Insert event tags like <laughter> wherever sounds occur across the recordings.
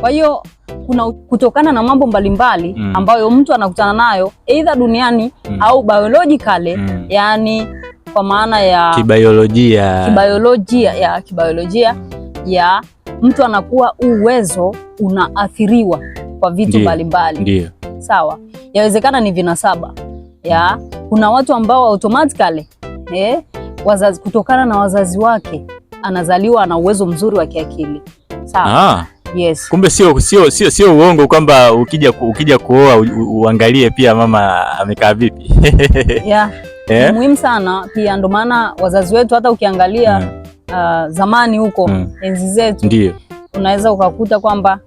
Kwa hiyo kuna kutokana na mambo mbalimbali mm. ambayo mtu anakutana nayo aidha duniani mm. au biologically mm. yani kwa maana ya kibiolojia kibiolojia ya kibiolojia ya mtu anakuwa uwezo unaathiriwa kwa vitu mbalimbali. Sawa, yawezekana ni vinasaba ya kuna watu ambao automatically eh, wazazi kutokana na wazazi wake anazaliwa ana uwezo mzuri wa kiakili sawa. Ah. Yes. Kumbe sio sio sio sio uongo kwamba ukija ukija kuoa uangalie pia mama amekaa vipi. <laughs> yeah. Yeah. Muhimu sana pia, ndo maana wazazi wetu hata ukiangalia mm. uh, zamani huko mm. enzi zetu ndio unaweza ukakuta kwamba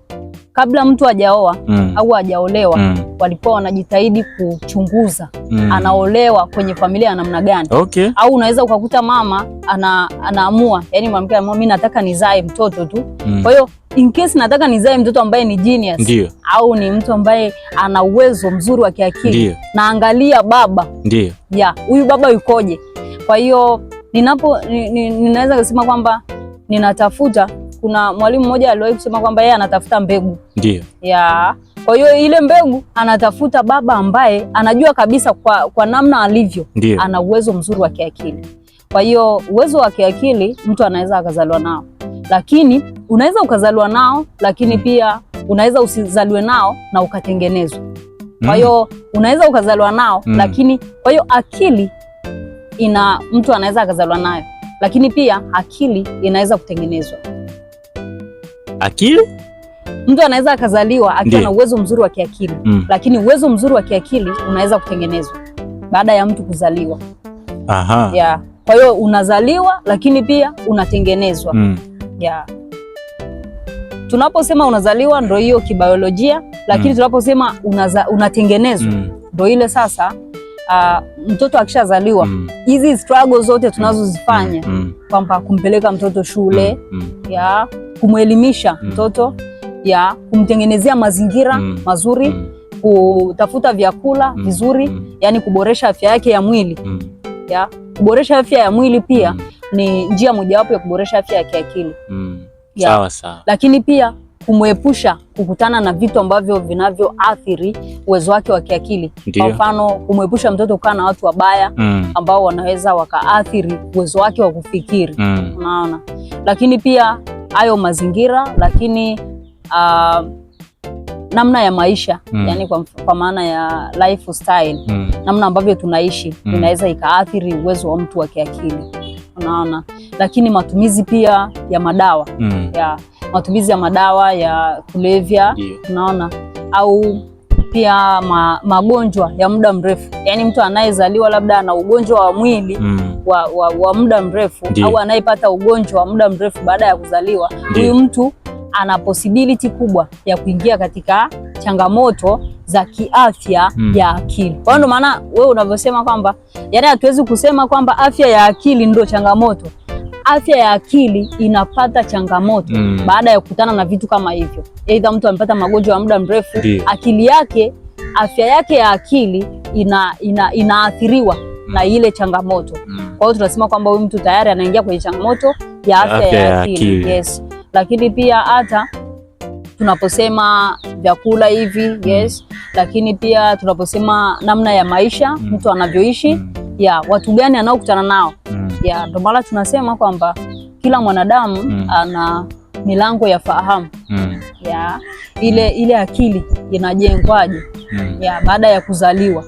kabla mtu hajaoa mm. au hajaolewa mm. walikuwa wanajitahidi kuchunguza mm. anaolewa kwenye familia ya namna gani? okay. au unaweza ukakuta mama ana, anaamua yani mwanamke anaamua mimi nataka nizae mtoto tu mm. kwa hiyo in case nataka nizae mtoto ambaye ni genius Ndiyo. au ni mtu ambaye ana uwezo mzuri wa kiakili, naangalia baba Ndiyo. ya huyu baba yukoje. Kwa hiyo ninapo ninaweza kusema kwamba ninatafuta kuna mwalimu mmoja aliwahi kusema kwamba yeye anatafuta mbegu. Ndio. Ya. Kwa hiyo ile mbegu anatafuta baba ambaye anajua kabisa kwa, kwa namna alivyo Ndiyo. ana uwezo mzuri wa kiakili. Kwa hiyo uwezo wa kiakili mtu anaweza akazaliwa nao, lakini unaweza ukazaliwa nao, lakini mm. pia unaweza usizaliwe nao na ukatengenezwa. Kwa mm. hiyo mm. unaweza ukazaliwa nao mm. lakini kwa hiyo akili ina mtu anaweza akazaliwa nayo, lakini pia akili inaweza kutengenezwa akili mtu anaweza akazaliwa akiwa na uwezo mzuri wa kiakili mm. Lakini uwezo mzuri wa kiakili unaweza kutengenezwa baada ya mtu kuzaliwa. Aha. Yeah. Kwa hiyo unazaliwa lakini pia unatengenezwa mm. yeah. Tunaposema unazaliwa ndo hiyo kibiolojia, lakini mm. tunaposema unaza, unatengenezwa mm. ndo mm. ile sasa Uh, mtoto akishazaliwa mm. hizi mm. struggle zote mm. tunazozifanya mm. kwamba kumpeleka mtoto shule mm. Mm. ya kumwelimisha mm. mtoto mm. ya kumtengenezea mazingira mm. mazuri mm. kutafuta vyakula mm. vizuri mm. yani kuboresha afya yake ya mwili mm. ya kuboresha afya ya mwili pia mm. ni njia mojawapo ya kuboresha afya ya kiakili mm. ya. Sawa, sawa. Lakini pia kumwepusha kukutana na vitu ambavyo vinavyoathiri uwezo wake wa kiakili. Kwa mfano, kumwepusha mtoto kukaa na watu wabaya mm. ambao wanaweza wakaathiri uwezo wake wa kufikiri mm. Unaona, lakini pia hayo mazingira, lakini uh, namna ya maisha mm. Yani kwa, kwa maana ya lifestyle mm. namna ambavyo tunaishi mm. inaweza ikaathiri uwezo wa mtu wa kiakili, unaona. Lakini matumizi pia ya madawa mm. ya matumizi ya madawa ya kulevya, unaona au pia ma, magonjwa ya muda mrefu, yaani mtu anayezaliwa labda ana ugonjwa wa mwili mm. wa, wa, wa muda mrefu au anayepata ugonjwa wa muda mrefu baada ya kuzaliwa, huyu mtu ana posibiliti kubwa ya kuingia katika changamoto za kiafya mm. ya akili. Kwa hiyo ndio maana wewe unavyosema kwamba, yani hatuwezi kusema kwamba afya ya akili ndio changamoto afya ya akili inapata changamoto mm. baada ya kukutana na vitu kama hivyo. Aidha, mtu amepata magonjwa ya muda mrefu akili yake, afya yake ya akili ina, ina, inaathiriwa mm. na ile changamoto mm. kwa hiyo tunasema kwamba huyu mtu tayari anaingia kwenye changamoto ya afya, afya ya akili, akili. Yes. Lakini pia hata tunaposema vyakula hivi yes, mm. lakini pia tunaposema namna ya maisha mm. mtu anavyoishi mm. ya watu gani anaokutana nao ya mm. ndo maana tunasema kwamba kila mwanadamu mm. ana milango ya fahamu mm. ya ile mm. ile akili inajengwaje mm. ya baada ya kuzaliwa.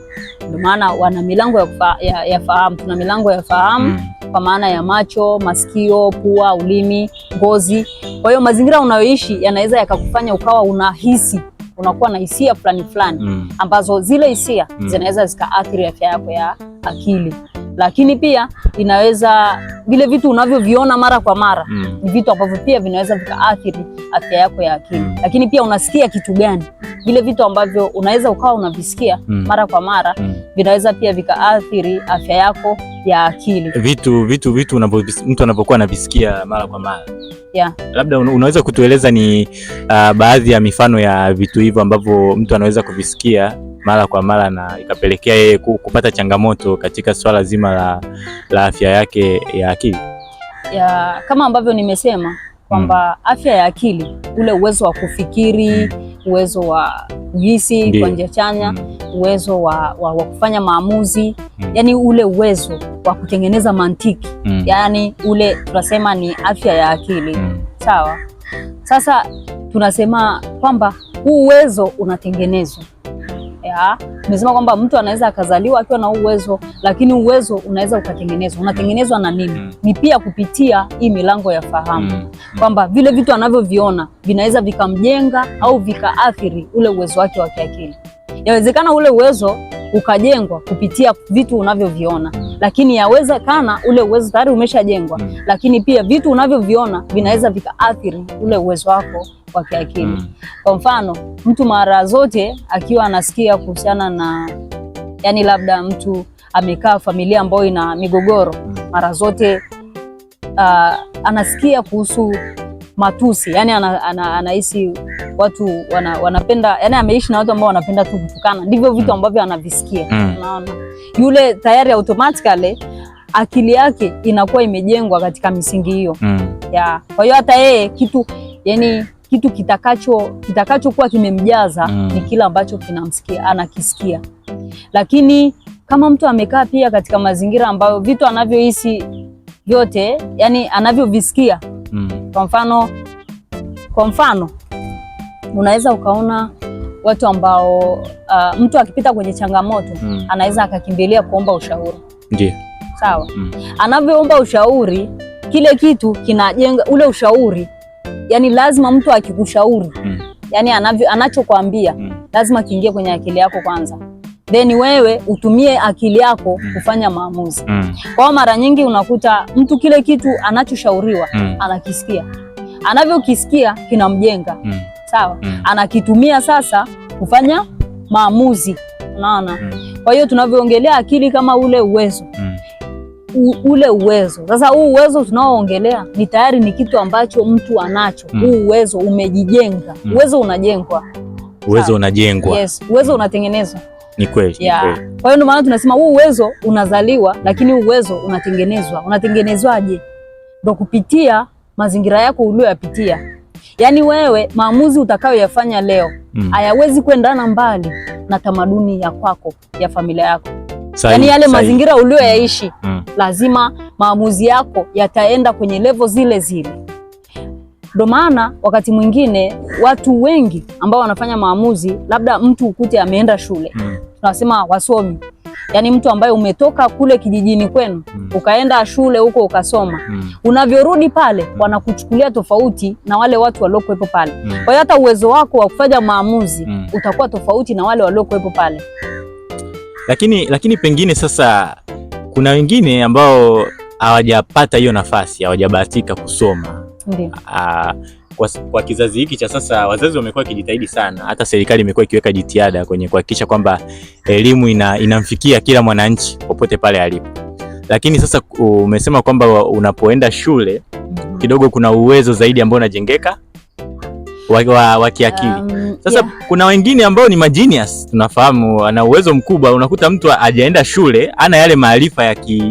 Ndio maana wana milango ya, ya, ya fahamu. Tuna milango ya fahamu mm. kwa maana ya macho, masikio, pua, ulimi, ngozi. Kwa hiyo mazingira unayoishi yanaweza yakakufanya ukawa unahisi unakuwa na hisia fulani fulani mm. ambazo zile hisia mm. zinaweza zikaathiri afya yako ya akili. Mm. lakini pia inaweza vile vitu unavyoviona mara kwa mara mm. ni mm. vitu ambavyo pia vinaweza vikaathiri afya yako ya akili mm. lakini pia unasikia kitu gani, vile vitu ambavyo unaweza ukawa unavisikia mm. mara kwa mara mm. vinaweza pia vikaathiri afya yako ya akili, vitu vitu vitu mtu anapokuwa anavisikia mara kwa mara yeah. Labda unaweza kutueleza ni uh, baadhi ya mifano ya vitu hivyo ambavyo mtu anaweza kuvisikia mara kwa mara na ikapelekea yeye kupata changamoto katika swala zima la, la afya yake ya akili ya, kama ambavyo nimesema kwamba mm. afya ya akili, ule uwezo wa kufikiri, mm. uwezo wa kuhisi kwa njia chanya mm. uwezo wa, wa, wa kufanya maamuzi mm. yani ule uwezo wa kutengeneza mantiki mm. yani ule tunasema ni afya ya akili mm. sawa. Sasa tunasema kwamba huu uwezo unatengenezwa ya, kwamba mtu anaweza akazaliwa akiwa na uwezo, lakini uwezo unaweza ukatengenezwa. Unatengenezwa na nini? mm. ni pia kupitia hii milango ya fahamu mm. kwamba vile vitu anavyoviona vinaweza vikamjenga au vikaathiri ule uwezo wake wa kiakili. Yawezekana ule uwezo ukajengwa kupitia vitu unavyoviona lakini yawezekana ule uwezo tayari umeshajengwa mm. Lakini pia vitu unavyoviona vinaweza vikaathiri ule uwezo wako wa kiakili mm. Kwa mfano mtu mara zote akiwa anasikia kuhusiana na yani, labda mtu amekaa familia ambayo ina migogoro mm. mara zote uh, anasikia kuhusu matusi, yani anahisi ana, ana watu wana, wanapenda yani ameishi na watu ambao wanapenda tu kutukana, ndivyo vitu mm. ambavyo anavisikia mm. Unaona yule tayari automatically akili yake inakuwa imejengwa katika misingi hiyo mm. ya kwa hiyo hata yeye kitu yani kitu kitakacho kitakachokuwa kimemjaza mm. ni kile ambacho kinamsikia anakisikia, lakini kama mtu amekaa pia katika mazingira ambayo vitu anavyohisi vyote yani anavyovisikia mm. Kwa mfano kwa mfano unaweza ukaona watu ambao uh, mtu akipita kwenye changamoto mm. anaweza akakimbilia kuomba ushauri. Ndiyo. Sawa mm. Anavyoomba ushauri kile kitu kinajenga ule ushauri, yani lazima mtu akikushauri mm. yani anavyo anachokwambia mm. lazima kiingie kwenye akili yako kwanza then wewe utumie akili yako mm. kufanya maamuzi mm. Kwao mara nyingi unakuta mtu kile kitu anachoshauriwa mm. anakisikia, anavyokisikia kinamjenga mm. sawa mm. anakitumia sasa kufanya maamuzi, unaona mm. Kwa hiyo tunavyoongelea akili kama ule uwezo mm. U, ule uwezo sasa, huu uwezo tunaoongelea ni tayari ni kitu ambacho mtu anacho mm. Huu uwezo umejijenga mm. Uwezo unajengwa uwezo unajengwa, yes. Uwezo mm. unatengenezwa ni kweli. Kwa hiyo ndio maana tunasema huu uwezo unazaliwa, lakini uwezo unatengenezwa. Unatengenezwaje? Ndio kupitia mazingira yako uliyoyapitia. Yaani wewe maamuzi utakayoyafanya leo mm. hayawezi mm. kuendana mbali na tamaduni ya kwako ya familia yako sahi, yaani yale sahi. mazingira uliyoyaishi mm. lazima maamuzi yako yataenda kwenye levo zile zile ndo maana wakati mwingine watu wengi ambao wanafanya maamuzi, labda mtu ukute ameenda shule mm. tunasema wasomi, yaani mtu ambaye umetoka kule kijijini kwenu mm. ukaenda shule huko ukasoma mm. unavyorudi pale mm. wanakuchukulia tofauti na wale watu waliokuwepo pale mm. kwa hiyo hata uwezo wako wa kufanya maamuzi mm. utakuwa tofauti na wale waliokuwepo pale. Lakini, lakini pengine sasa kuna wengine ambao hawajapata hiyo nafasi, hawajabahatika kusoma Ah, kwa, kwa kizazi hiki cha sasa wazazi wamekuwa wakijitahidi sana, hata serikali imekuwa ikiweka jitihada kwenye kuhakikisha kwamba elimu ina, inamfikia kila mwananchi popote pale alipo. Lakini sasa umesema kwamba unapoenda shule mm-hmm. kidogo kuna uwezo zaidi ambao unajengeka wa kiakili um, sasa yeah. Kuna wengine ambao ni majinius tunafahamu, ana uwezo mkubwa. Unakuta mtu ajaenda shule ana yale maarifa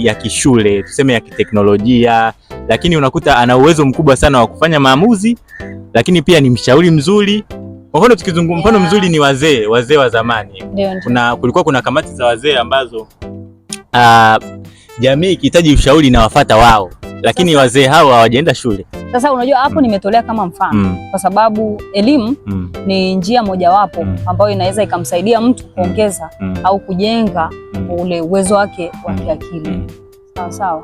ya kishule, tuseme ya kiteknolojia lakini unakuta ana uwezo mkubwa sana wa kufanya maamuzi, lakini pia ni mshauri mzuri. Mfano tukizungumza, mfano mzuri ni wazee, wazee wa zamani. Kuna kulikuwa kuna kamati za wazee ambazo uh, jamii ikihitaji ushauri na wafata wao, lakini wazee hao hawajaenda shule. Sasa unajua hapo mm. nimetolea kama mfano mm. kwa sababu elimu mm. ni njia mojawapo mm. ambayo inaweza ikamsaidia mtu mm. kuongeza mm. au kujenga mm. ule uwezo wake wa mm. kiakili mm sawa sawa,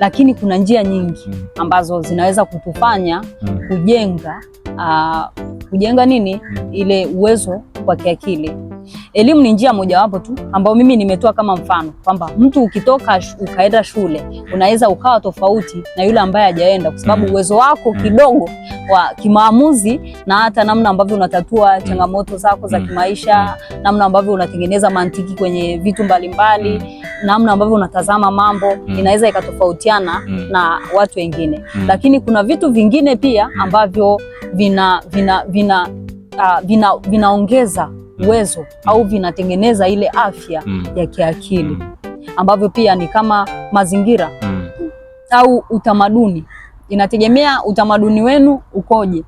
lakini kuna njia nyingi mm. ambazo zinaweza kutufanya mm. Mm. kujenga uh, kujenga nini ile uwezo wa kiakili Elimu ni njia mojawapo tu ambayo mimi nimetoa kama mfano kwamba mtu ukitoka ukaenda shule unaweza ukawa tofauti na yule ambaye hajaenda, kwa sababu mm. uwezo wako mm. kidogo wa kimaamuzi na hata namna ambavyo unatatua changamoto zako za mm. kimaisha, namna ambavyo unatengeneza mantiki kwenye vitu mbalimbali, namna ambavyo unatazama mambo inaweza ikatofautiana na watu wengine. Lakini kuna vitu vingine pia ambavyo vina vina vina ah, vinaongeza vina Mm. uwezo mm. au vinatengeneza ile afya mm. ya kiakili mm. ambavyo pia ni kama mazingira mm. au utamaduni, inategemea utamaduni wenu ukoje.